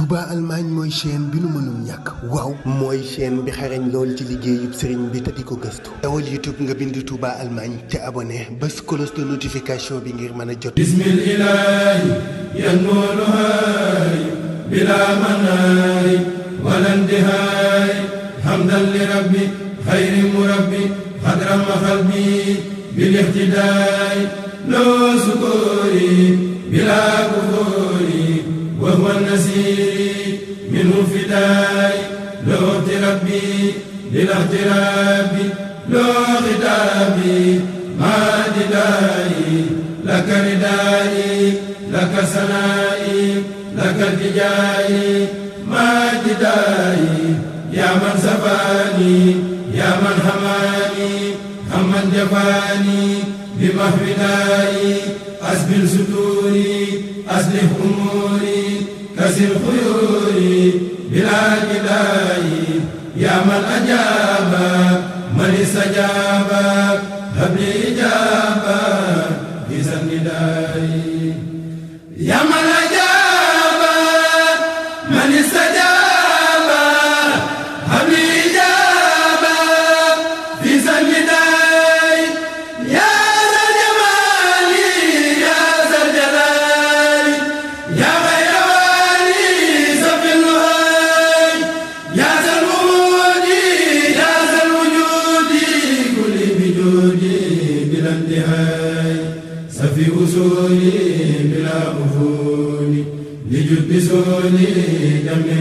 Touba Allemagne mooy chaîne bi nu mënul ñàkk waaw mooy chaîne bi xarañ lool ci liggéeyub sëriñ bi te gëstu dawal YouTube nga bind Touba Allemagne te abonné bés cloche notification bi ngir mën a jot bismillaahi yan noonu haay bilaa manaay walandi haay hamdan li rabbi xayri murabbi xadram xalbi bil ihtidaay loo sukoori bilaa kufoori وهو النسير منه فداي لو ربي للا اغترابي لو خطابي ما ددائي لك ردائي لك سنائي لك التجائي ما ددائي يا من سفاني يا من حماني هم جفاني بمحفدائي أسبل ستوري أسلح أموري كسر خيوري بلا كداي يا من أجاب من استجاب هب لي إجابة في سنداي يا من لي جميعا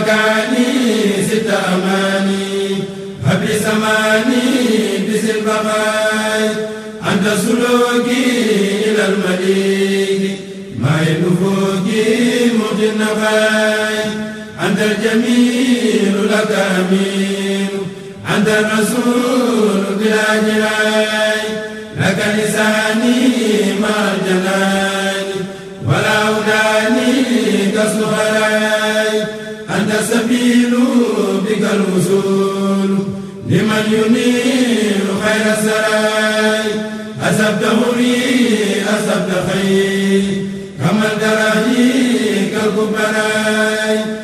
مكاني ست أماني هب سماني بس البقاء عند سلوكي إلى المليك ما ينفوكي مغني النفاي عند الجميل لك أمين عند الرسول بلا جلاي لك لساني مع الجنان ولا أداني كسر أنت سبيل بك الوصول لمن ينير خير السراي أسبته لي أسبت خير كما الدراهي كالكبراي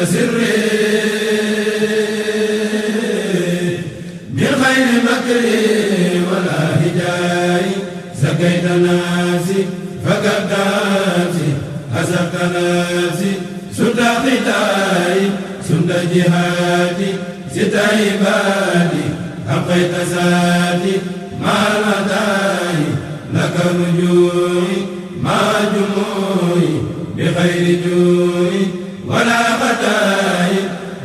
bi xayri juuri ولا فتاي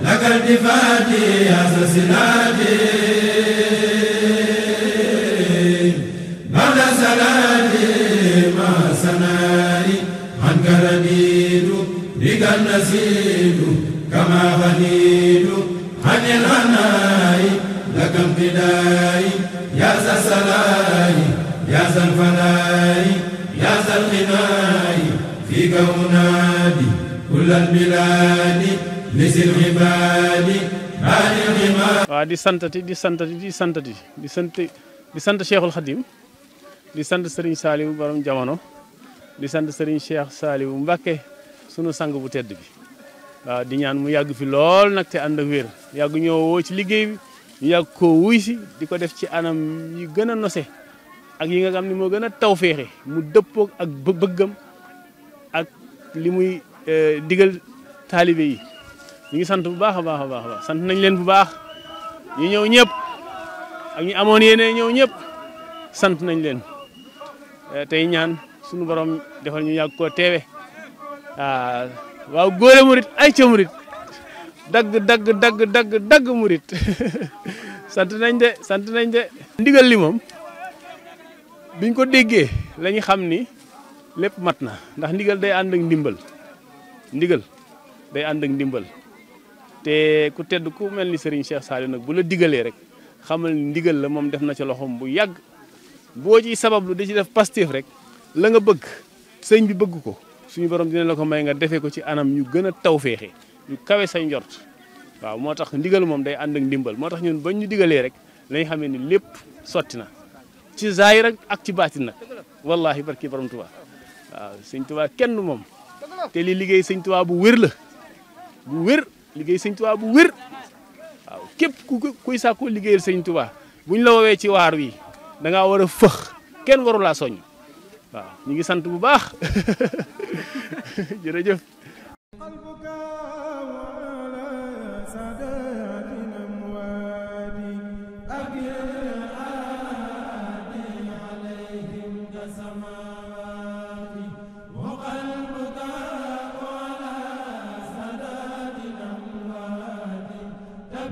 لك التفات يا سلاتي بعد سلاتي ما سناي عنك رديد بك النسيد كما غنيد عن الغناي لك امتداي يا ذا سلاي يا ذا الفناي يا ذا الغناي فيك أنادي waaw di santati di santati di santati di sant di sant Cheikhul Khadim di sant Serigne Saliou borom jamono di sant Serigne Cheikh Saliou Mbacké sunu sang bu tedd bi waaw di ñaan mu yàgg fi lool nag te ànd ak wér yàgg ñoo woo ci liggéey bi yàgg ko wuy si di ko def ci anam yi gën a nose ak yi nga xam ni moo gën a tawféexe mu dëppoog ak bëggam ak li Eh, digal taalibe yi ñu ngi sant bu baax a baax a baax sant nañ leen bu baax ñu ñëw ñëpp ak ñu amoon yenee ñëw ñëpp sant nañ leen eh, tey ñaan suñu borom defal ñu yàgg koo teewe ah, waaw waaw góore murit ay ca murit dagg dagg dagg dagg dagg murit sant nañ de sant nañ de ndigal li moom biñ ko déggee lañu xam ni lépp mat na ndax ndigal day ànd ak ndimbal ndigal day ànd ak ndimbal te ku tedd ku mel ni Serigne Cheikh Saliou nag bu la digalee rek xamal ni ndigal la moom def na ci loxoom bu yàgg boo ji sabablu da ci def pastif rek la nga bëgg sëñ bi bëgg ko suñu borom dina la ko may nga defee ko ci anam ñu gën a taw tawféexe ñu kawe sañ njort waaw moo tax ndigal moom day ànd ak ndimbal moo tax ñun bañ ñu digalee rek lañ xamee ni lépp sotti na ci zaahir ak ci baatin nag wallaahi barki borom Tuubaa waaw sëñ Tuubaa kenn te li liggéey sëñ Tuubaa bu wér la bu wér liggéey sëñ Tuubaa bu wér waaw képp ku kuy sàkku liggéeyal sëñ Tuubaa buñ la woowee ci waar wi da ngaa war a fëx kenn waru laa soññ waaw ñu ngi sant bu baax jërëjëf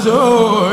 so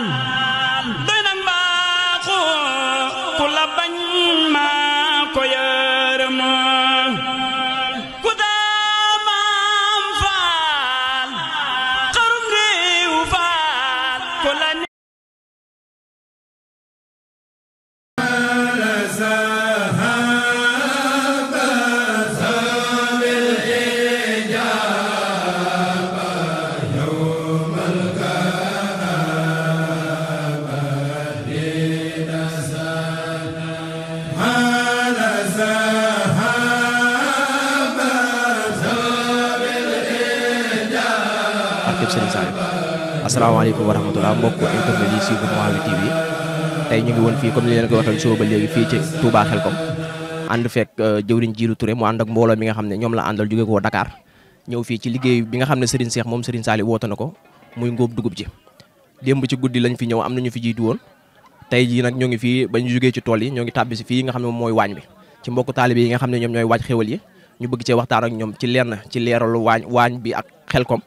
daal comme ni leen ko waxee suba ba léegi fii ci Touba Xelkom ànd fekk euh, jëwriñ Jiiru Touré mu ànd ak mbooloo mi nga xam ne ñoom la àndal jóge ko Dakar ñëw fii ci liggéey bi nga xam ne Serigne Cheikh moom Serigne Saliou woote na ko muy ngóob dugub ji démb ci guddi lañ fi ñëw am na ñu fi jiitu woon tey jii nag ñoo ngi fii ba ñu jógee ci tool yi ñoo ngi tàbbi si fii nga xam ne moom mooy waañ bi ci mbokk taalibe yi nga xam ne ñoom ñooy waaj xewal yi ñu bëgg cee waxtaan ak ñoom ci lenn ci leeralu waañ waañ bi ak Xelkom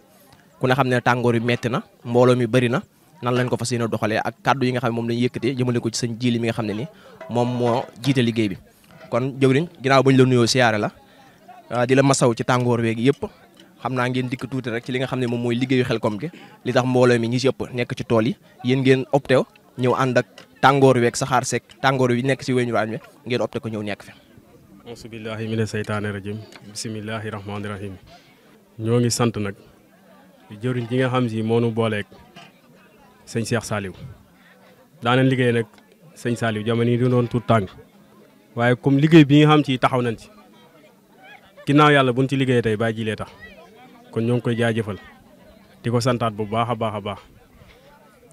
ku ne xam ne tàngoor yi metti na mbooloo mi bari na nan lañ ko fas yéene doxalee ak kàddu yi nga xam ne moom lañu yëkkatee jëmale ko ci sëñ jiili mi nga xam ne ni moom moo jiite liggéey bi kon jëwriñ ginnaaw bañ la nuyoo siyaare la ah, di la masaw ci tàngoor weeg yëpp xam naa ngeen dikk tuuti rek ci li nga xam ne moom mooy liggéeyu Xelcom gi li tax mbooloo mi ñi ci ëpp nekk ci tool yi yéen ngeen opté ñëw ànd ak tàngoor week saxaar seeg tàngoor wi nekk ci weñu waañ wi ngeen opté ko ñëw nekk fi asubillahi mina seytaani rajim bisimillahi rahmaani rahim ñoo ngi sant nag jëwriñ ji nga xam si moonu booleeg sëñ Cheikh Saliou daa nañ liggéey nag sëñ Saliou jamono yi di doon tuut tàng waaye comme liggéey bi nga xam ci taxaw nañ ci ginnaaw yàlla buñ ci liggéey tey bàyyi jilee tax kon ñoo ngi koy jaajëfal di ko santaat bu baax a baax a baax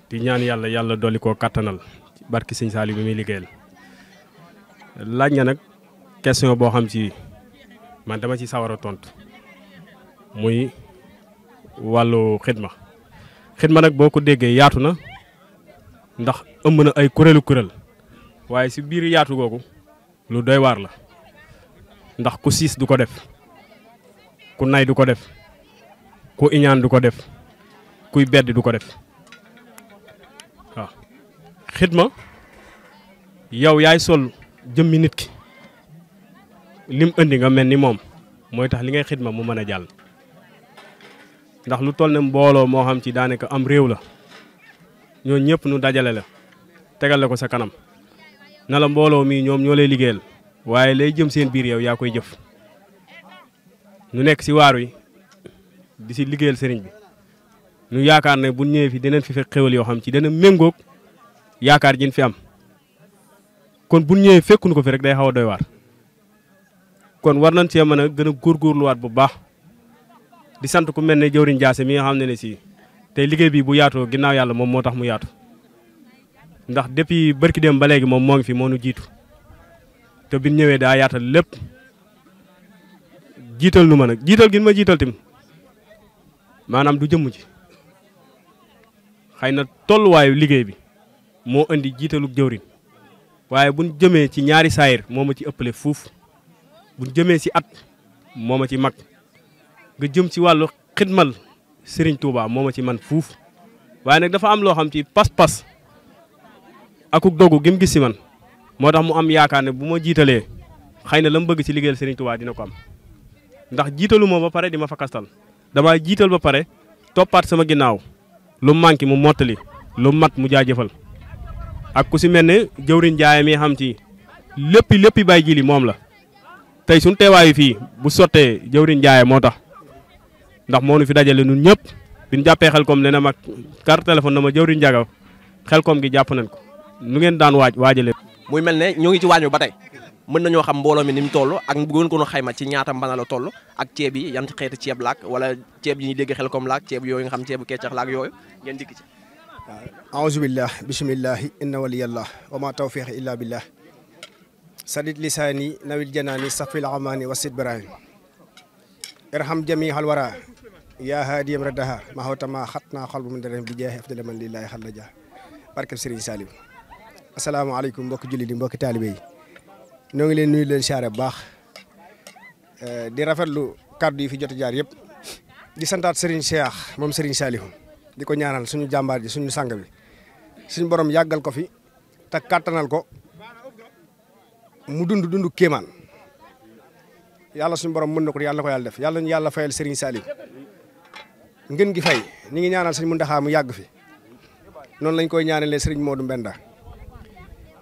di ñaan yàlla yàlla dolli koo kàttanal ci barki sëñ Saliou bi muy liggéeyal laaj nga nag question boo xam ci man dama ci sawar a tontu muy wàllu xidma xidma nag boo ko déggee yaatu na ndax ëmb na ay kuréelu kuréel waaye si biir yaatu googu lu doy waar la ndax ku siis du ko def ku nay du ko def ku iñaan du ko def kuy bedd du ko def waaw xidma yow yaay sol jëmmi nit ki lim indi nga mel ni moom mooy tax li ngay xidma mu mën a jàll ndax lu toll ne mbooloo moo xam ci daanaka am réew la ñoo ñëpp nu dajale la tegale ko sa kanam na la mbooloo mii ñoom ñoo lay liggéeyal waaye lay jëm seen biir yow yaa koy jëf ñu nekk si waaru yi di si liggéeyal sëriñ bi nu yaakaar ne bu ñëwee fi dinañ fi fekk xéwal yoo xam ci dana méngoog yaakaar jin fi am kon bu ñëwee fekkuñu ko fi rek day xaw a doy waar kon war nañ see mën a gën a góorgóorluwaat bu baax di sant ku mel ne jëwriñ Jaase mi nga xam ne ne si tey liggéey bi bu yaatoo ginnaaw yàlla moom moo tax mu yaatu ndax depuis bërki dem ba léegi moom moo ngi fi moo nu jiitu te bi ñëwee daa yaatal lépp jiital nu ma nag jiital gi ma jiital tim maanaam du jëmm ji xëy na tolluwaayu liggéey bi moo indi jiitalu jëwriñ waaye buñ jëmee ci ñaari saayir mooma ci ëppale fuuf buñ jëmee si at moo ci mag nga jëm ci wàllu xidmal Serigne Touba moo ma ci man fuuf waaye nag dafa am loo xam ci pas-pas akuk dogu gi gis si man moo tax mu am yaakaar ne bu ma jiitalee xëy na la mu bëgg ci liggéeyal Serigne Touba dina ko am ndax jiitalu ma ba pare di ma fakastal damaa jiital ba pare toppaat sama ginnaaw lu manqué mu mottali lu mat mu jaajëfal ak ku si mel ne jëwriñ Njaay mi xam ci lépp lépp bàyyi ji li moom la tey suñu teewaayu fii bu sottee jëwriñ Njaay moo tax ndax moo nu fi dajale nun ñëpp bi jàppee xel koom nee na ma carte téléphone dama jëwriñ Njaga xel koom gi jàpp nañ ko nu ngeen daan waaj waajale muy mel ne ñoo ngi ci waañu ba tey mën nañoo xam mbooloo mi ni mu toll ak bëggoon ko nu xayma ci ñaata mbana la toll ak ceeb yi yan xeeti ceeb laak wala ceeb yi ñuy dégg xel koom laak ceeb yooyu nga xam ceebu keccax laak yooyu ngeen dikk ci waaw aousubillah bisimillahi inna waliyallah wa ma tawfiq illa billah sadid lisaani nawil janaani safil amaani wasid brahim irham jami halwara yaa haadiyam raddaha ma xawtama xat naa xol bu mu darem bi jeexe afdala man lillahi xal la ja barkeb sëriñ Salim asalaamaaleykum mbokki julli di mbokki taalibe yi ñoo ngi leen nuyu leen siyaare bu baax eh, di rafetlu kàddu yi fi jot jaar yëpp di santaat Serigne Cheikh moom Serigne Saliou di ko ñaanal suñu jàmbaar ji suñu sang bi suñu borom yàggal ko fi te kàttanal ko mu dund dund kéemaan yàlla suñu borom mën na ko yàlla ko yàlla def yàlla ñu yàlla fayal ngën gi fay ñi ngi ñaanal sëñ Muntaxa mu yàgg fi noonu lañ koy ñaanalee sëriñ Modou Mbenda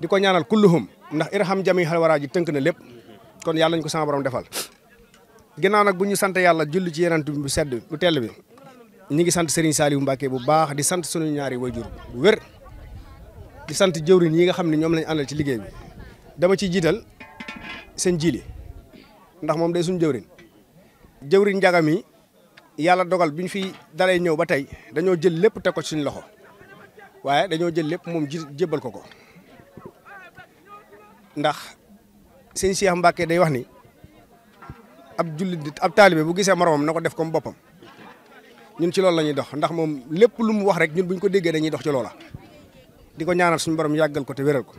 di ko ñaanal kulluhum ndax irham jami xal waraa ji tënk na lépp kon yàlla ñu ko sama borom defal ginnaaw nag bu ñu sant yàlla julli ci yenant bu sedd bu tell bi ñi ngi sant sëriñ Saliou Mbacke bu baax di sant suñu ñaari wayjur bu wér di sant jëwriñ yi nga xam ne ñoom lañ àndal ci liggéey bi dama ci jiital seen jiili ndax moom day suñ jëwriñ jëwriñ njagam yàlla dogal bi ñu fi dalay ñëw ba tey dañoo jël lépp teg ko suñu loxo waaye dañoo jël lépp moom ji jébbal ko ko ndax sëñ Cheikh Mbacke day wax ni ab jullit ab taalibe bu gisee moromam na ko def comme boppam ñun ci loolu la dox ndax moom lépp lu mu wax rek ñun bu ñu ko déggee dañuy dox ci loola. di ko ñaanal suñu borom yàggal ko te wéral ko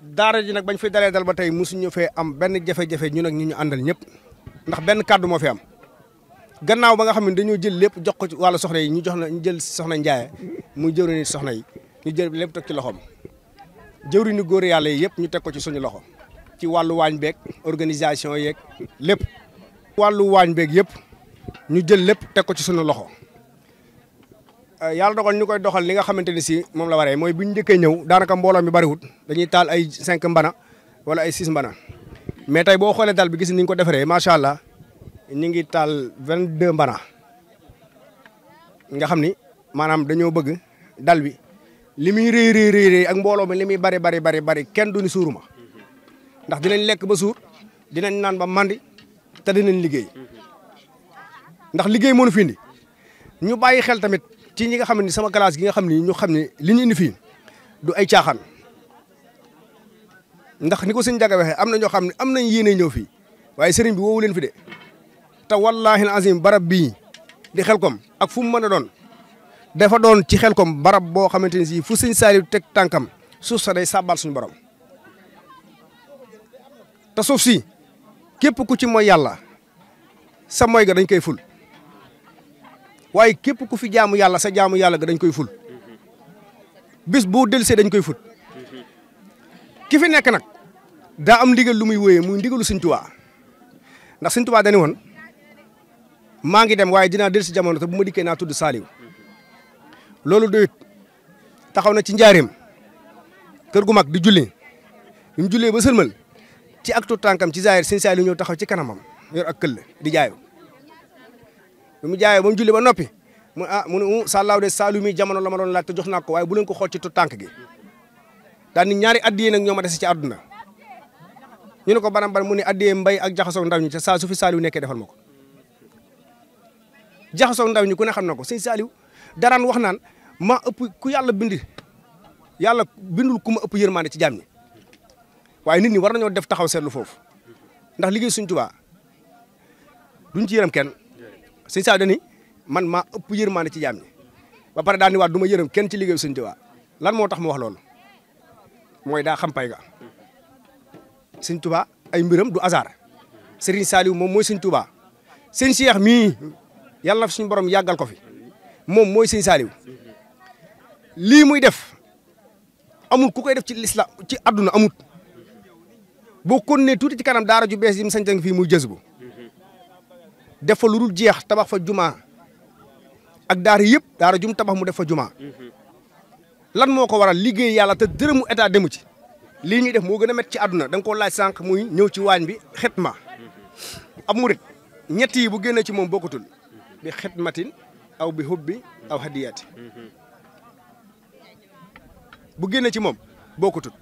daara ji nag bañ fi dalee dal ba tey mu mosuñu fee am benn jafe-jafe ñun ak ñu ñu àndal ñëpp ndax benn kàddu moo fi am. gannaaw ba nga xam dañoo jël lépp jox ko ci wàllu soxna yi ñu jox na ñu jël soxna Ndiaye muy jëwriñu soxna yi ñu jël lépp teg ci loxoom jëwriñu góor yàlla yi yëpp ñu teg ko ci suñu loxo ci wàllu waañ beeg organisation yeeg lépp. wàllu waañ beeg yëpp ñu jël lépp teg ko ci suñu loxo euh, yàlla dogal ñu koy doxal li nga xamante ne si moom la waree mooy bu ñu njëkkee ñëw daanaka mbooloo mi bariwut dañuy taal ay cinq mbana wala ay six mbana mais tey boo xoolee dal bi gis ni ñu ko defaree macha allah. ñu ngi taal vingt deux mbana nga xam ni maanaam dañoo bëgg dal bi li muy rëy rëy ak mbooloo mi li muy bari bari bari kenn du ni suuruma ndax dinañ lekk ba suur dinañ naan ba mandi te dinañ liggéey ndax liggéey moo ñu fi ñu bàyyi xel tamit ci ñi nga xam ne sama classe gi nga xam ne ñu xam ne li ñu indi fii du ay caaxan ndax ni ko sëñ Jaga waxee am na ñoo xam ne am nañ yéene ñëw fii waaye sëriñ bi woowu leen fi de. te wallaahi azim barab bii di xel xelkom ak fu mu mën doon dafa doon ci xel kom barab boo xamante ni si fu sëñ Saliou teg tànkam suuf sa day sàbbal suñu borom te suuf si képp ku ci mooy yàlla sa mooy ga dañ koy ful waaye képp ku fi jaamu yàlla sa jaamu yàlla ga dañ koy ful bis boo delsee dañ koy fut ki fi nekk nag daa am ndigal lu muy wéyee muy ndigalu Sëñ Tuubaa ndax Sëñ Tuubaa dañu woon maa ngi dem waaye dinaa dellu si jamono te bu ma dikkee naa tudd Saliou loolu doyut taxaw na ci njaareem kër gu mag di julli bi mu jullee ba sëlmal ci ak tuut tànkam ci zaahir sëñ Saliou ñëw taxaw ci kanamam yor ak këll di jaayu bi mu jaayoo ba julli ba noppi mu ah mu ne uh, sàllaaw de Saliou mi jamono la ma doon laaj te jox naa waaye bu leen ko xool ci tuut tànk gi daal ni ñaari addiyee nag ñoo ma dese ci àdduna ñu ne ko banam ban mu ne addiyee mbay ak jaxasoo ndaw ñi saa su fi Saliou ma ko jaxasoog ndaw ñi ku ne xam na ko sëñ Saliou daraan wax naan maa ëpp ku yàlla bind yàlla bindul ku ma ëpp yërmande ci jaam ñi waaye nit ñi war nañoo def taxaw seetlu foofu ndax liggéey suñ Tuubaa duñ ci yërëm kenn sëñ Saliou man maa ëpp yërmande ci jaam ñi ba pare daani ni waat du ma yërëm kenn ci liggéey suñ Tuubaa lan moo tax mu wax loolu mooy daa xam pay ga ay mbiram du hasard Serigne Saliou moom mooy sëñ Tuubaa sëñ Cheikh yàlla na fi suñu borom yàggal ko fi moom mooy sëñ Saaliw lii muy def amul ku koy def ci lisla ci àdduna amut boo kon ne tuuti ci kanam daara ju bees yi mu sañtan fii muy jës bu def fa lu jeex tabax fa jumaa ak daara yëpp daara jum tabax mu def fa jumaa lan moo ko waral liggéey yàlla te dërëmu état demu ci lii ñuy def moo gën a métti ci àdduna da ko koo laaj sànq muy ñëw ci waañ bi xet ma ab ñett yi bu génnee ci moom bokkatul bi xidmatin aw bi hubbi aw hadiyaati bu ci moom bokkutut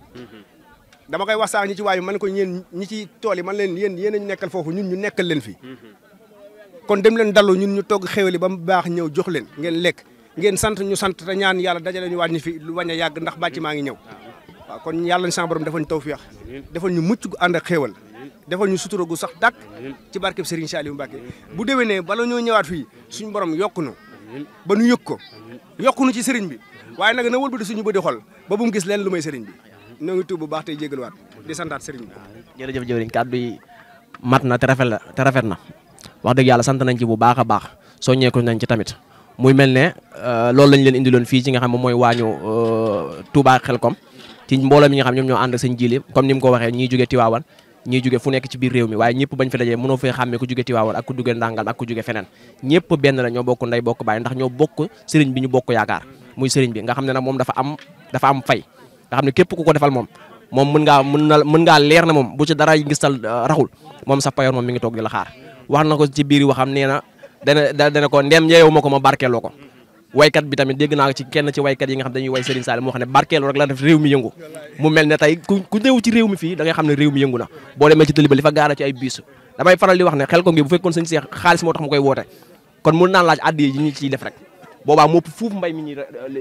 dama koy wax sax ñi ci waayu man ko ñeen ñi ci tool yi man leen yéen yéen ñu nekkal foofu ñun ñu nekkal leen fii kon dem leen dallu ñun ñu togg xeweli ba mu baax ñëw jox leen ngeen lekk ngeen sant ñu sant te ñaan yàlla dajale ñu waat ñu fi lu wañ a yàgg ndax bàcc maa ngi ñëw waaw kon yàlla na sama borom dafa ñu tawfiix dafa ñu mucc gu ànd ak defal ñu sutura gu sax dàkk ci barkeb Serigne Saliou Mbacké bu déwénee bala ñoo ñëwaat fii suñu borom yokku ba nu yëg ko yokku nu ci sëriñ bi waaye nag na wëlbati suñu bëdi xol ba bu mu gis leen lu may Serigne bi ñoo ngi tuub baax tey jégaluwaat di santaat Serigne bi. jërëjëf jëwriñ kàddu yi mat na te rafet la te rafet na wax dëgg yàlla sant nañ ci bu baax a baax soññee ko nañ ci tamit muy mel ne euh, loolu lañ leen fii ci nga moom mooy waañu euh, Touba Xelkom ci mbooloo mi nga xam ñoom ñoo ànd ak sëñ jili ni mu ko waxee ñiy jógee Tiwaawan ñuy jóge fu nekk ci biir réew mi waaye ñëpp bañ fi dajee mënoo fee xàmmee ku jóge Tiwaawan ak ku jóge Ndàngal ak ku jóge feneen ñëpp benn la ñoo bokk bokk baay ndax ñoo bokk sëriñ bi ñu bokk yaakaar muy sëriñ bi nga xam ne nag moom dafa am dafa am fay nga xam ne képp ku ko defal moom moom mën ngaa mën na mën leer na moom bu ci dara ngistal uh, raxul moom sa payoor moom mi ngi toog di la xaar wax na ko ci biir waxam nee na dana dana ko ndem yeewu ma ko ma barkeeloo ko waykat bi tamit dégg naa ci kenn ci waykat yi nga xam dañuy way Serigne Saliou moo xam ne barkeelu rek la def réew mi yëngu mu mel ne tey ku ku néew ci réew mi fii danga ngay xam ne réew mi yëngu na boo demee ci tëli ba li fa gaara ci ay biisu damay faral di wax ne xel ko ngi bu fekkoon sëñ xaalis moo tax mu koy woote kon mun naa laaj addi yi ñu ciy def rek boobaa moo ëpp fuuf mbay mi ñuy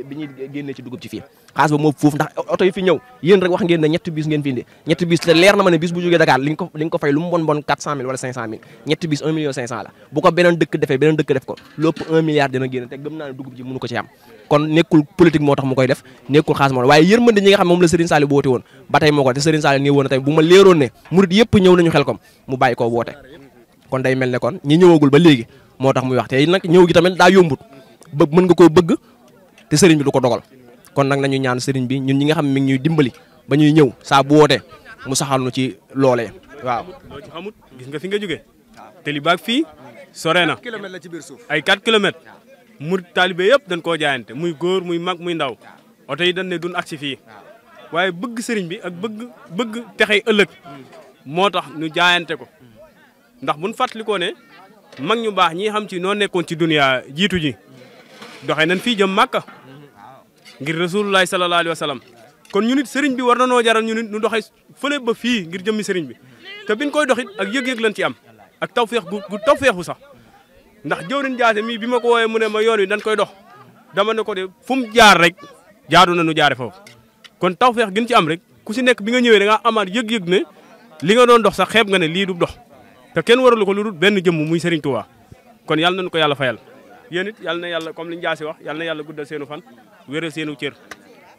bi ñuy génnee ci dugub ci fii xaas ba moo ëpp fuuf ndax oto yi fi ñëw yéen rek wax ngeen ne ñetti bis ngeen fi indi ñetti bis te leer na ma ne bis bu jógee Dakar li nga ko li nga ko fay lu mu bon bon 400000 wala 500000 ñetti bis 1 million 500 la bu ko beneen dëkk defee beneen dëkk def ko lu ëpp 1 milliard dina génn te gëm naa dugub ji mënu ci am kon nekkul politique moo tax mu koy def nekkul xaas moo ba léegi moo tax muy wax te nag ñëw gi tamit daa yombut ba mën nga koo bëgg te sëriñ bi du ko dogal kon nag nañu ñaan sëriñ bi ñun ñi nga xam mi ngi ñuy dimbali ba ñuy ñëw saa bu wootee mu saxal nu ci loolee waaw. loo gis nga fi nga jógee te li baag fii sore na ay 4 kilomètres mu taalibe yëpp dañ koo jaayante muy góor muy mag muy ndaw oto yi dañ dun ak agsi fii waaye bëgg sëriñ bi ak bëgg bëgg texey ëllëg moo tax ñu jaayante ko ndax buñ fàttalikoo ne mag ñu baax ñii xam ci noo nekkoon ci duniya jiitu ji doxee nañ fii jëm Màkka ngir rasulullahi sallallahu alayhi wa sallam kon ñu sëriñ bi war na noo jaral ñu nit ñu doxee fële ba fii ngir jëmmi sëriñ bi te biñ koy doxit ak yëg-yëg lañ ci am ak tawfeex gu gu tawfeexu sax ndax jëwriñ jaase mii bi ma ko woowee mu ne ma yoon wi dañ koy dox dama ne ko de fu mu jaar rek jaadu na nu jaare foofu kon tawfeex gën ci am rek ku si nekk bi nga ñëwee da amaat yëg-yëg ne li nga doon dox sax xeeb nga ne lii du dox te kenn waralu ko lu dul benn jëmm muy Serigne Touba kon yàlla nañu ko yàlla fayal yéen it yal na yàlla comme li Ndiaye si wax yal na yàlla guddal seenu fan wéral seenu cër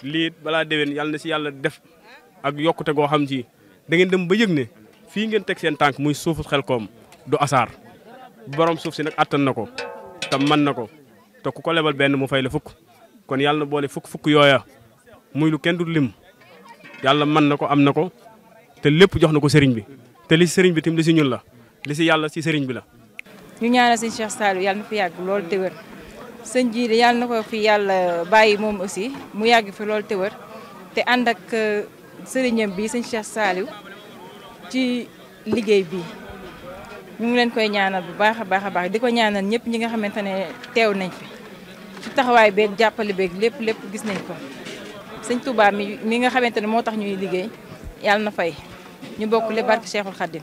lii it balaa déwén yal na si yàlla def ak yokkute goo xam ci da dem ba yëg ne fii ngeen teg seen tànk muy suufu xel Xelkom du asaar borom suuf si nag attan na ko te mën na ko te ku ko lebal benn mu fay la fukk kon yàlla na boole fukk-fukk yooya muy lu kenn du lim yàlla mën na ko am na ko te lépp jox na ko sëriñ bi te li si sëriñ bi tim li si ñun la li si yàlla si sëriñ bi la ñu ñaanal sëñ Cheikh Saliou yàlla na fi yàgg loolu te wër sëñ ji de yàlla na ko fi yàlla bàyyi moom aussi mu yàgg fi loolu te wër te ànd ak euh, sëriñam bi sëñ Cheikh Saliou ci liggéey bi ñu ngi leen koy ñaanal bu baax a baax a baax di ko ñaanal ñëpp ñi nga xamante ne teew nañ fi ci taxawaay beeg jàppale beeg lépp lépp gis nañ ko sëñ Touba mi mi nga xamante ne moo tax ñuy liggéey yàlla na fay ñu bokk le barke Cheikhul Khadim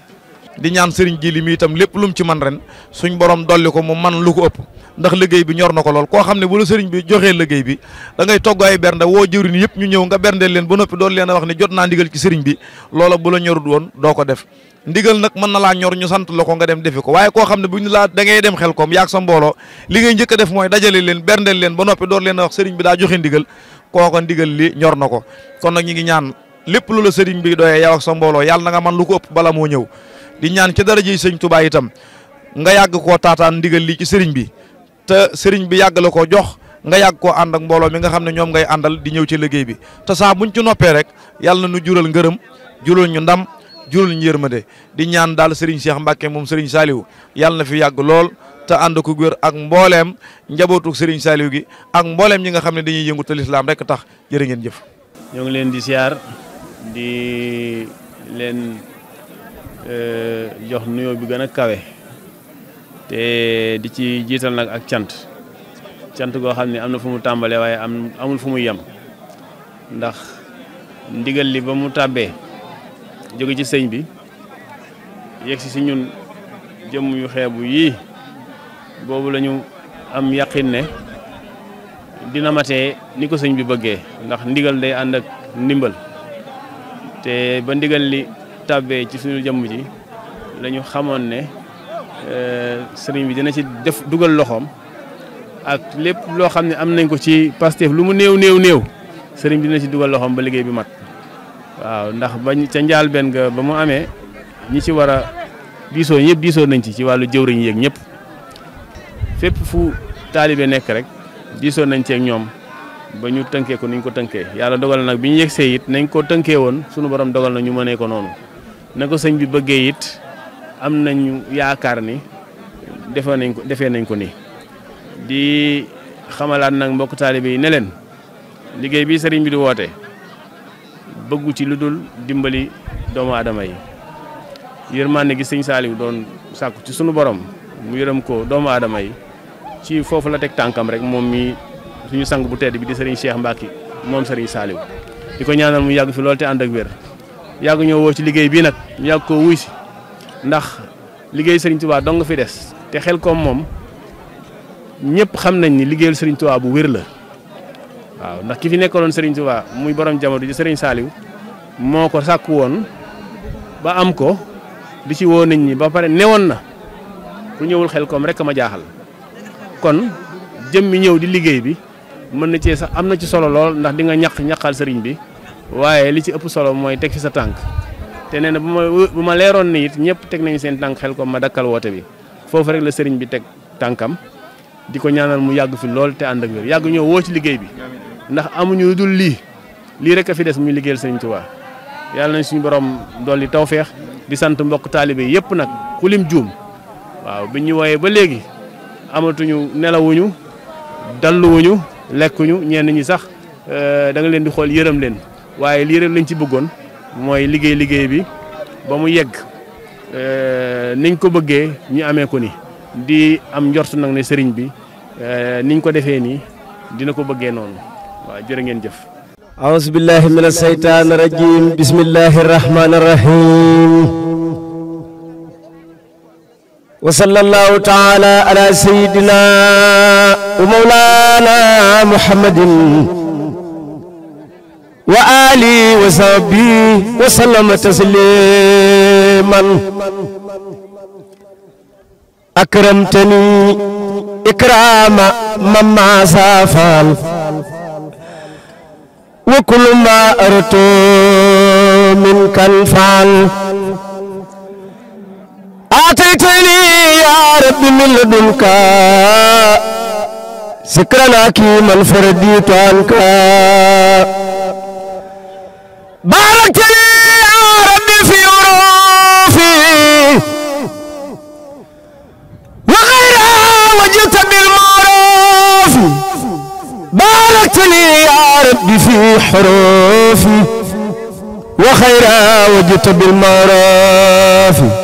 di ñaan sëriñ ji li mi itam lépp lu mu ci man ren suñ borom dolli ko mu man lu ko ëpp ndax liggéey bi ñor na ko lool koo xam ne bu la sëriñ bi joxe liggéey bi da ngay togg ay bernde woo jëwriñ yëpp ñu ñëw nga berndeel leen ba noppi doon leen a wax ne jot naa ndigal ci sëriñ bi loola bu la ñorut woon ko def ndigal nag mën na laa ñor ñu sant la ko nga dem defi ko waaye koo xam ne bu ñu laa da ngay dem xel koom yaag sa mbooloo li ngay njëkk a def mooy dajale leen berndeel leen ba noppi doon leen a wax sëriñ bi daa joxe ndigal kooko li ñor na ko kon nag ñi ngi ñaan lépp lu la sëriñ bi doyee yow ak sa mbooloo yàlla nanga nga man lu ëpp bala moo ñëw di ñaan ci daraja yi sëñ Touba itam nga yàgg koo taataan ndigal lii ci sëriñ bi te sëriñ bi yàgg la koo jox nga yàgg koo ànd ak mbooloo mi nga xam ne ñoom ngay àndal di ñëw ci liggéey bi te saa buñ ci noppee rek yàlla nu jural ngërëm jural ñu ndam jural ma de di ñaan daal sëriñ Cheikh Mbacke moom sëriñ Saliou yàlla na fi yàgg lool te ànd ko góor ak mbooleem njabootu sëriñ saaliw gi ak mbooleem ñi nga xam ne dañuy yëngu te lislaam rek tax jërë ngeen jëf ñoo ngi leen di siyaar di Eh, jox nuyoo bi gën a kawe te di ci jiital nag ak cant cant goo xam ne am na fu mu tàmbalee waaye am amul fu muy yem ndax ndigal li ba mu tàbbee jóge ci sëñ bi yegsi si si ñun jëmm yu xeebu yii boobu lañu am yaqin ne dina matee ni ko sëñ bi bëggee ndax ndigal day ànd ak ndimbal te ba ndigal li tàbbee ci suñu jëmm ji lañu xamoon ne euh, sëriñ bi dina ci def dugal loxoom ak lépp loo xam ne am nañ ko ci Pastef lu mu néew néew néew sëriñ bi dina ci dugal loxoom ba liggéey bi mat waaw ndax bañ ca njaal benn ga ba mu amee ñi ci war a diisoo ñëpp diisoo nañ ci ci wàllu jëwriñ yeeg ñëpp fépp fu taalibe nekk rek diisoo nañ ci ak ñoom ba ñu tënkee ko nuñ ko tënkee yàlla dogal nag bi ñu yegsee it nañ ko tënkee woon sunu borom dogal na ñu mënee ko noonu na ko sëñ bi bëggee it am nañu yaakaar ni defee nañ ko defee nañ ko nii di xamalaat nag mbokk taalibe yi ne leen liggéey bi sëriñ bi di woote bëggu ci lu dul dimbali doomu aadama yi yërmande gi sëñ Saaliw doon sàkku ci sunu borom mu yërëm ko doomu aadama yi ci foofu la teg tànkam rek moom mi suñu sang bu tedd bi di sëriñ Cheikh Mbacke moom seriñ Saaliw di ko ñaanal mu yàgg fi loolu te ànd ak wér yàgg ñoo woo ci liggéey bii nag yàgg koo wuy si ndax liggéey Serigne Touba dong nga fi des te xel koom moom ñëpp xam nañ ni liggéeyal Serigne bu wér la waaw ndax ki fi nekkaloon Serigne Touba muy borom jamono ji sëriñ Saliou moo ko sàkku woon ba am ko di ci woo nit ñi ba pare newoon na ku ñëwul xel koom rek ma jaaxal kon jëm mi ñëw di liggéey bi mën na cee sax am na ci solo lool ndax di nga ñaq ñaqal sëriñ bi. waaye li ci ëpp solo mooy teg ci sa tànk te nee na bu ma ma leeroon ni it ñëpp teg nañu seen tànk xel ko ma dakkal woote bi foofu rek la sëriñ bi teg tànkam di ko ñaanal mu yàgg fi lool te ànd ak wér yàgg ñoo woo ci liggéey bi ndax amuñu lu dul lii lii rek a fi des muy liggéeyal sëriñ Tuubaa yàlla nañ suñu borom dolli tawféex di sant mbokk taalibe yëpp nag ku juum waaw bi ñu wooyee ba léegi amatuñu nelawuñu dalluwuñu lekkuñu ñenn ñi sax euh, da nga leen di xool yërëm leen. waaye lii rek lañ ci bëggoon mooy liggéey liggéey bi ba mu yegg euh, niñ ko bëggee ñu amee ko ni di am njort nag ne sëriñ bi euh, niñ ko defee ni dina ko bëggee noonu waaw ngeen jëf aouzu billahi min aseytaani rajim bismillahi arrahmani arrahim wa sallallahu taala ala sayidina wa mawlana muhammadin wa ali wa sahbi wa sallama tasliman akramtani ikrama mamma safal wa kullu ma artu min kan fal ataytani ya rabbi min ladunka sikranaki man faradito anka باركت لي يا ربي في عروفي وغيرها وجئت بالمعروف باركت لي يا ربي في حروفي وخيرها وجئت بالمعروف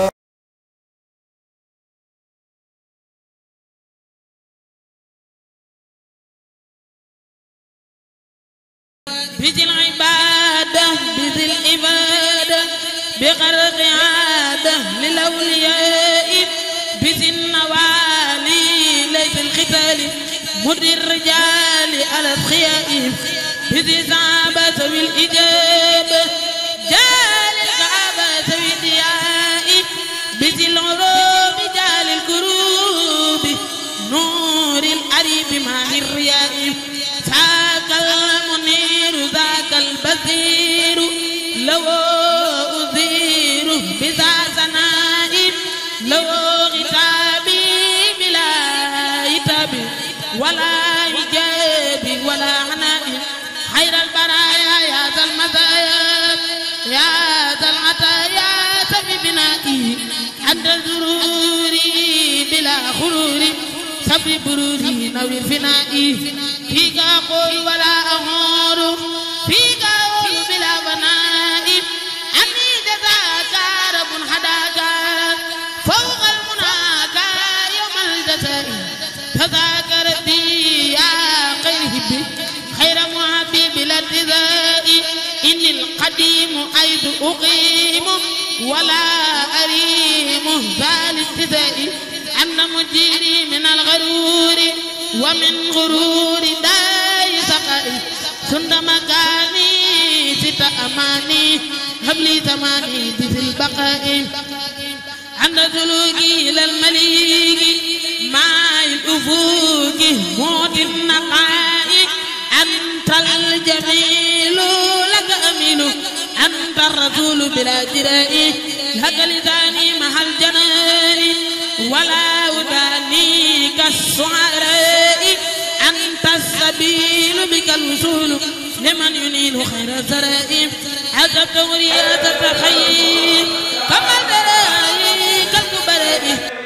لو أذيره بذا زناء لو غتابي بلا عتاب ولا إجاب ولا عناء خير البرايا يا ذا المزايا يا ذا العطايا سمي بنائي عند الزرور بلا خرور سبي بروري نوي فنائي فيك أقول ولا أهور فيك قديم أيد أقيم ولا أريم ثالث ذئي أن مجيري من الغرور ومن غرور داي سقائي سند مكاني ست أماني هبلي ثماني بذي البقاء عند ذلوقي إلى المليك مع الأفوك موت النقاء أنت الجميل لك الخليل أنت الرسول بلا جراء لك لساني مع الجناء ولا أبالي كالشعراء أنت السبيل بك الوصول لمن ينيل خير سرائي عجبت وريات الرخيم كما ترائي كالكبرائي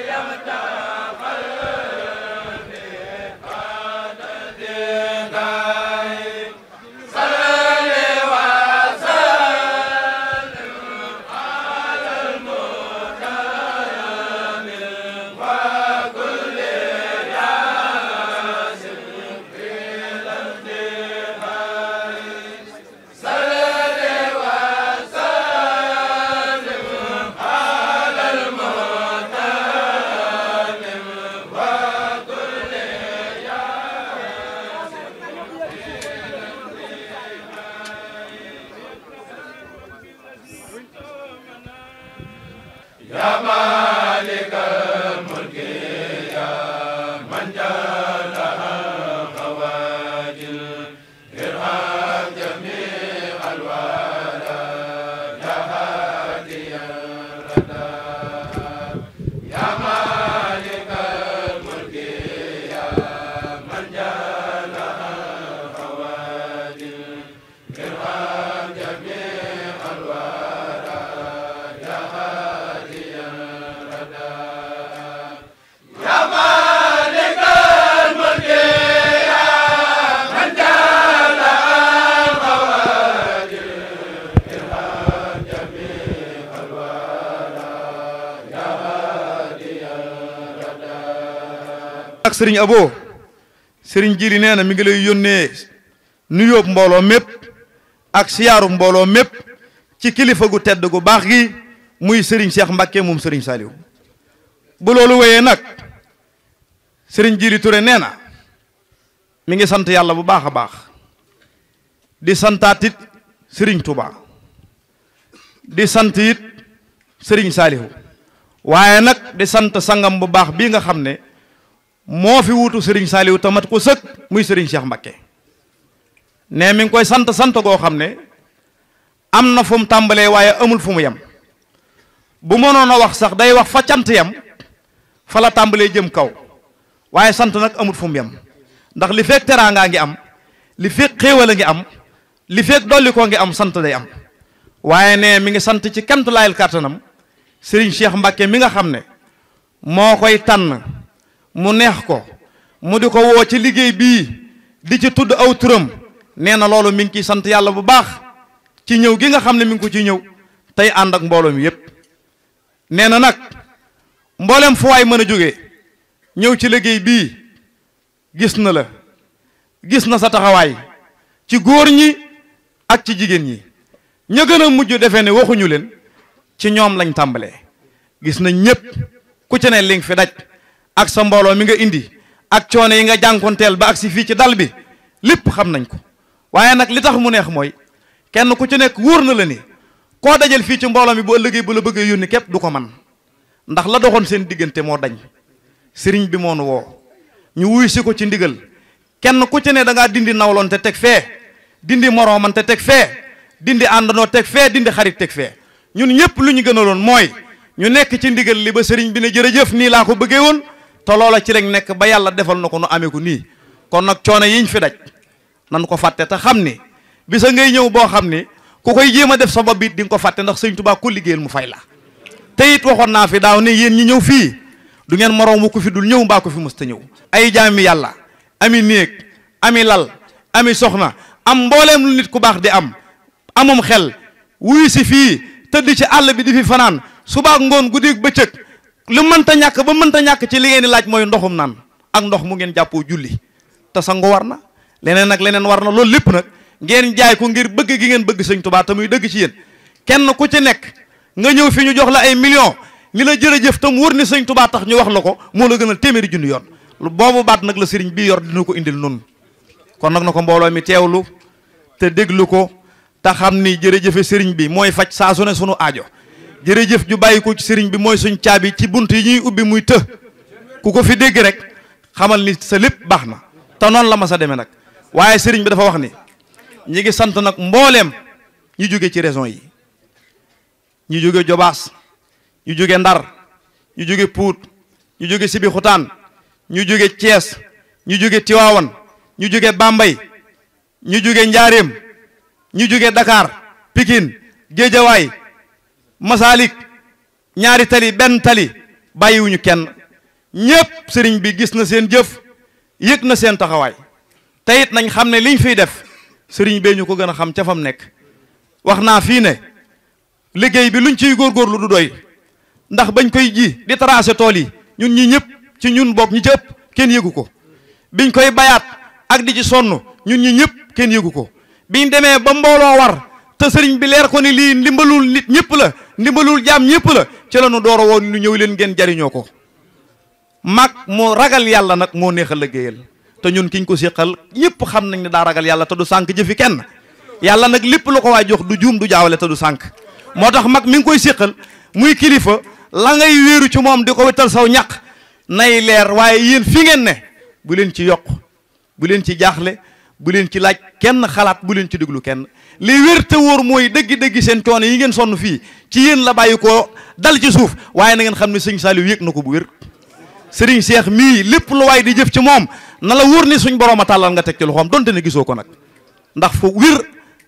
sëriñ Abo sëriñ jiiri nee na mi ngi lay yónnee nuyoo mbooloo mépp ak siyaaru mbooloo mépp ci kilifa gu tedd gu baax gi muy sëriñ Cheikh Mbacke moom sëriñ Saliou bu loolu wéyee nag sëriñ Jili Touré nee na mi ngi sant yàlla bu baax a baax di santaatit sëriñ Touba di sant it sëriñ Saliou waaye nag di sant sangam bu baax bii nga xam ne. moo fi wuutu Serigne Saliou tamat ko sëkk muy Serigne Cheikh Mbacké ne mi ngi koy sant sant goo xam ne am na fu mu tàmbalee waaye amul fu mu yem bu mënoon a wax sax day wax fa cant yem fa la tàmbalee jëm kaw waaye sant nag amul fu mu yem ndax li fekk teraangaa ngi am li fekk xéewal a ngi am li fekk dolli ngi am sant day am waaye ne mi ngi sant ci kent laayal kàttanam Serigne Cheikh Mbacké mi nga xam ne moo koy tànn mu neex ko mu di ko woo ci liggéey bii di ci tudd aw turam nee na loolu mi ngi ciy sant yàlla bu baax ci ñëw gi nga xam ne mi ngi ko ci ñëw tey ànd ak mbooloo mi yépp nee na nag mbooleem fu waay mën a jóge ñëw ci liggéey bii gis na la gis na sa taxawaay ci góor ñi ak ci jigéen ñi ña gën a mujj defee ne waxuñu leen ci ñoom lañ tàmbalee gis na ñépp ku ci ne li fi daj ak sa mbooloo mi nga indi ak coono yi nga jànkonteel ba ak si fii ci dal bi lépp xam nañ ko waaye nag li tax mu neex mooy kenn ku ci nekk wóor na la ni koo dajal fii ci mbooloo mi bu ëllëgee bu la bëggee yónni képp du ko man ndax la doxoon seen diggante moo dañ sëriñ bi moonu woo ñu wuy ko ci ndigal kenn ku ci ne da ngaa dindi nawloon te teg fee dindi morooman te teg fee dindi àndandoo teg fee dindi xarit teg fee ñun ñëpp lu ñu gënaloon mooy ñu nekk ci ndigal li ba sëriñ bi ne jërëjëf nii laa ko bëggee te la ci lañ nekk ba yàlla defal na ko nu amee ko nii kon nag coono yiñ fi daj nan ko fàtte te xam ni bisa ngay ñëw boo xam ni ku koy jéem a def sa bopp it di ko fàtte ndax sëñ Tuubaa ku liggéeyal mu fay la te it waxoon naa fi daaw ne yéen ñi ñëw fii du ngeen moroom moroomu ko fi dul ñëw mbaa ko fi mës ta ñëw ay jaami yàlla ami néeg ami lal ami soxna am mbooleem lu nit ku baax di am amum xel wuyu si fii tëdd ci àll bi di fi fanaan subaak ngoon guddeeg bëccëg lu mënta ñàkk ba mënta ñàkk ci li ngeen laaj mooy ndoxum naan ak ndox mu ngeen jàppoo julli te sangu war na leneen nag leneen war na loolu lépp nag ngeen jaay ko ngir bëgg gi ngeen bëgg sëñ Tuubaa te muy dëgg ci yéen kenn ku ci nekk nga ñëw fi ñu jox la ay million ni la jërëjëf tam wóor ni sëñ tubaa tax ñu wax la ko moo la gën a téeméeri junni yoon lu boobu baat nag la sëriñ bii yor dina ko indil noonu kon nag na ko mbooloo mi teewlu te déglu ko te xam ni jërëjëfe sëriñ bi mooy faj saa sunu aajo jërëjëf ju bàyyi ko ci sëriñ bi mooy suñ caabi ci bunt yi ñuy ubbi muy të ku ko fi dégg rek xamal ni sa lépp baax na te noonu la ma sa demee nag waaye sëriñ bi dafa wax ni ñi ngi sant nag mbooleem ñu jóge ci région yi ñu jóge Jobaas ñu jóge Ndar ñu jóge Pout ñu jóge Sibi Xutaan ñu jóge Thiès ñu jóge Tiwaawan ñu jóge Bambey ñu jóge Njaaréem ñu jóge Dakar Pikine Géejawaay masaalik ñaari tali benn tali bàyyiwuñu kenn ñépp sëriñ bi gis na seen jëf yëg na seen taxawaay te it nañ xam ne liñ fiy def sëriñ bee ñu ko gën a xam ca fam nekk wax naa fii ne liggéey bi luñ ciy góorgóorlu du doy ndax bañ koy ji di tracé tool yi ñun ñi ñëpp ci ñun bokk ñi ci kenn yëgu ko biñ koy bayaat ak di ci sonn ñun ñi ñëpp kenn yëgu ko biñ demee ba mbooloo war te sëriñ bi leer ko ni lii ndimbalul nit ñëpp la ndimbalul jaam ñëpp la ci la nu door a woon ñu ñëw leen ngeen jariñoo ko mag moo ragal yàlla nag moo neexal a liggéeyal te ñun kiñ ko séqal ñëpp xam nañ ne daa ragal yàlla te du sànq jëfi kenn yàlla nag lépp lu ko waay jox du juum du jaawale te du sànq moo tax mag mi ngi koy séqal muy kilifa la ngay wéeru ci moom di ko wettal saw ñaq nay leer waaye yéen fi ngeen ne bu leen ci yokk bu leen ci jaaxle bu leen ci laaj kenn xalaat bu leen ci déglu kenn li wér te wóor mooy dégg dëgg seen coono yi ngeen sonn fii ci yéen la bàyyi koo dal ci suuf waaye na xam ne sëñ Saliou yëg na ko bu wér sëriñ Cheikh mii lépp lu waay di jëf ci moom na la wóor ni suñ borom a tàllal nga teg ci loxoom donte ne gisoo ko nag ndax fu wér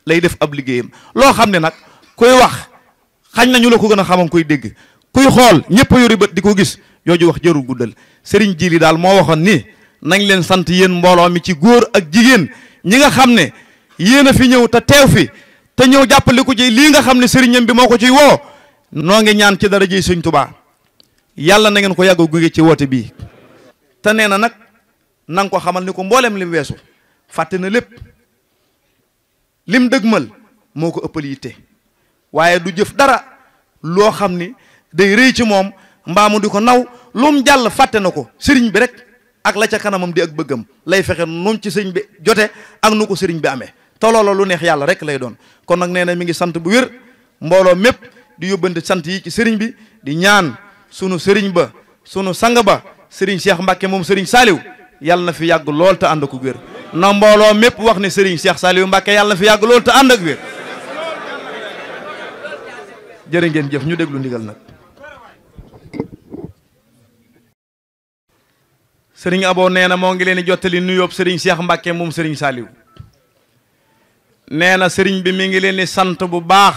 lay def ab liggéeyam loo xam ne nag kuy wax xañ nañu la ko gën a xamam koy dégg kuy xool ñëpp a yori bët di ko gis yooju wax jërul guddal sëriñ Jili daal moo waxoon ni nañ leen sant yéen mbooloo mi ci góor ak jigéen ñi nga xam ne yéen a fi ñëw te teew fi te ñëw jàppale ko ci lii nga xam ne sëriñam bi moo ko ciy woo noo ngi ñaan ci dara ji sëñ tubaa yàlla na ngeen ko yàgg gunge ci woote bii te nee na nag nanga ko xamal ni ko mboolem lim weesu fàtte na lépp lim mël moo ko ëppal yitte waaye du jëf dara loo xam ni day rëy ci moom mbaamu di ko naw lum jàll fàtte na ko sëriñ bi rek ak la ca kanamam di ak bëggam lay fexe num ci sëriñ bi jote ak nu ko sëriñ bi amee te lu neex yàlla rek lay doon kon nag nee na mi ngi sant bu wér mbooloo mépp di yóbbante sant yi ci sëriñ bi di ñaan sunu sëriñ ba sunu sang ba sëriñ Cheikh Mbacke moom sëriñ saaliw yàlla na fi yàgg lool te ànd ak wér na mbooloo mépp wax ne sëriñ seex Saliou Mbacke yàlla na fi yàgg lool te ànd ak wér jërë jëf ñu déglu ndigal nag sëriñ Abo nee na moo ngi leen di jottali nuyoob sëriñ Cheikh Mbacke moom sëriñ saaliw nee na sëriñ bi mi ngi leen di sant bu baax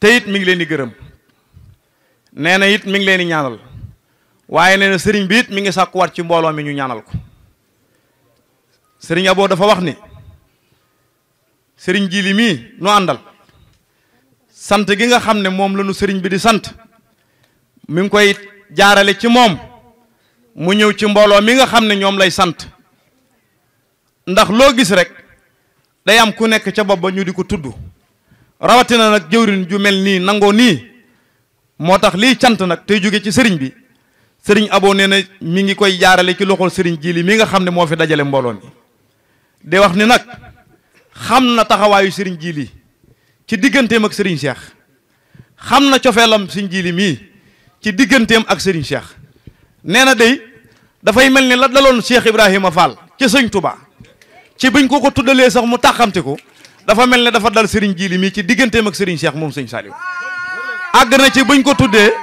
te it mi ngi leen di gërëm nee na it mi ngi leen di ñaanal waaye nee sëriñ bi it mi ngi sàkkuwaat ci mbooloo mi ñu ñaanal ko sëriñ Abo dafa wax ni sëriñ Jili mii nu àndal sant gi nga xam ne moom la nu sëriñ bi di sant mi ngi koy jaarale ci moom. mu ñëw ci mbooloo mi nga xam ne ñoom lay sant ndax loo gis rek day am ku nekk ca bopp ba ñu di ko tudd rawatina nag jëwriñ ju mel nii nangoo nii moo tax lii cant nag tey jóge ci sëriñ bi sëriñ aboo nee na mi ngi koy jaarale ci loxol sëriñ jili mi nga xam ne moo fi dajale mbooloo mi de wax ni nag xam na taxawaayu sëriñ jili ci digganteem ak sëriñ Cheikh xam na cofeelam sëriñ jili mii ci digganteem ak sëriñ Cheikh nee na day dafay mel ni la daloon Cheikh Ibrahima Fall ci sëñ Touba ci biñ ko ko tuddalee sax mu taxamte ko dafa mel ne dafa dal Serigne Jili mii ci digganteem ak Serigne Cheikh moom sëñ Saliou àgg na ci buñ ko tuddee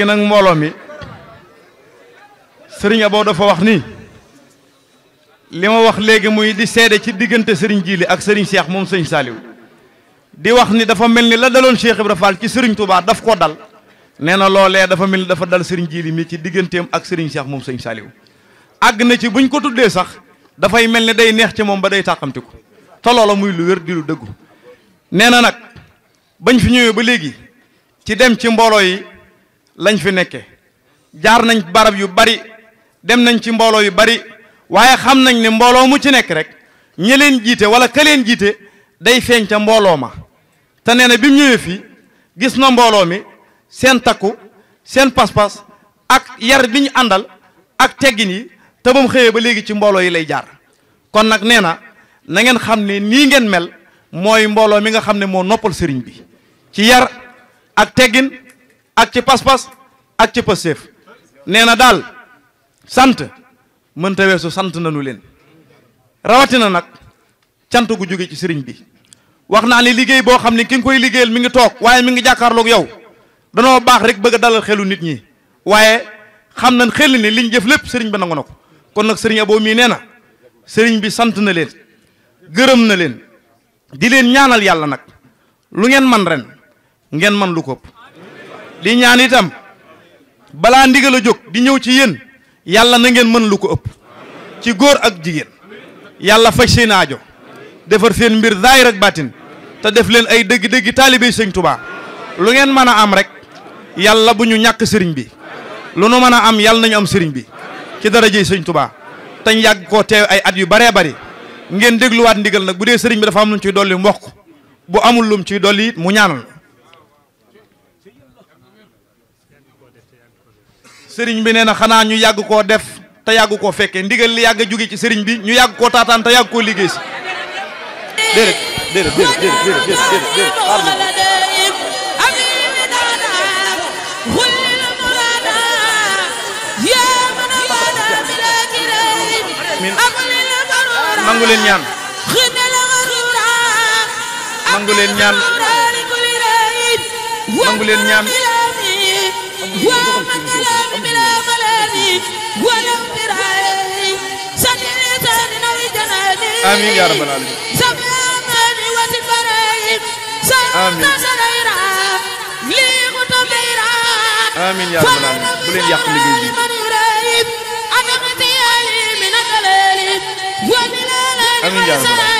léegi nag mbooloo mi sëriñ Abo dafa wax ni li ma wax léegi muy di seede ci diggante sëriñ Jili ak sëriñ Cheikh moom sëñ Saliou di wax ni dafa mel ni la daloon Cheikh Ibra sëriñ Touba daf ko dal nee na loolee dafa mel ni dafa dal sëriñ Jili mi ci digganteem ak sëriñ Cheikh moom sëriñ Saliou àgg na ci buñ ko tuddee sax dafay mel ni day neex ci moom ba day tàqamti ko te loola muy lu wér di lu dëggu nee na nag bañ fi ñëwee ba léegi ci dem ci mbooloo yi. lañ fi nekke jaar nañ barab yu bari dem nañ ci mbooloo yu bari waaye xam nañ ne mbooloo mu ci nekk rek ñi leen jiite wala ka leen jiite day feeñ ca mbooloo ma te nee na bi mu ñëwee fii gis na mbooloo mi seen takku seen pas-pas ak yar bi ñu àndal ak teggin yi te ba mu xëyee ba léegi ci mbooloo yi lay jaar kon nag nee na na ngeen xam ne nii ngeen mel mooy mbooloo mi nga xam ne moo noppal sëriñ bi ci yar ak teggin ak ci pas-pas ak ci passeef nee na daal sant mënta weesu sant nañu leen rawatina nag cant gu jóge ci sëriñ bi wax naa ni liggéey boo xam ne ki nga koy liggéeyal mi ngi toog waaye mi ngi jàkkaarloog yow danoo baax rek bëgg a dalal xelu nit ñi waaye xam nañ xel ni liñ jëf lépp sëriñ bi nangu na kon nag sëriñ Abo mii nee na sëriñ bi sant na leen gërëm na leen di leen ñaanal yàlla nag lu ngeen man ren ngeen man lu ko di ñaan itam balaa ndigal a jóg di ñëw ci yéen yàlla na ngeen mën lu ko ëpp ci góor ak jigéen yàlla faj seen aajo defar seen mbir zaahir ak baatin te def leen ay dëgg-dëgg taalibey sëñ Tuubaa lu ngeen mën a am rek yàlla bu ñu ñàkk sëriñ bi lu nu mën a am yàlla nañu am sëriñ bi ci darajey sëñ Tuubaa tañ yàgg koo teew ay at yu baree bari ngeen dégluwaat ndigal nag bu dee sëriñ bi dafa am lu mu ciy dolli mu wax bu amul lu mu ciy dolli mu ñaanal sëriñ bi nee na xanaa ñu yàgg koo def te yàgg koo fekkee ndigal li yàgg a jóge ci sëriñ bi ñu yàgg koo taataan te yàgg koo liggéey si déedéet déedéet déedéet déedéet déedéet nangu leen ñaan nangu leen ñaan nangu leen ñaan ولو برأي سلي لسان أو جنالي آمين يا رب العالمين سمع أماني وتفرأي آمين سنيرا لي غتبيرا آمين يا رب العالمين بلين يقل لي من يرأي أنا اغتيالي من الغلالي ومن الغلالي آمين يا رب العالمين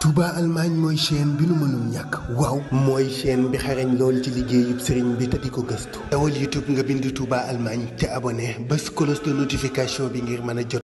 Touba Allemagne mooy chaîne bi nu mënul ñàkk waaw mooy chaîne bi xarañ lool ci liggéeyub sëriñ bi te di ko gëstu dawal YouTube nga bind Touba Allemagne te abonné bés cloche notification bi ngir mën a jot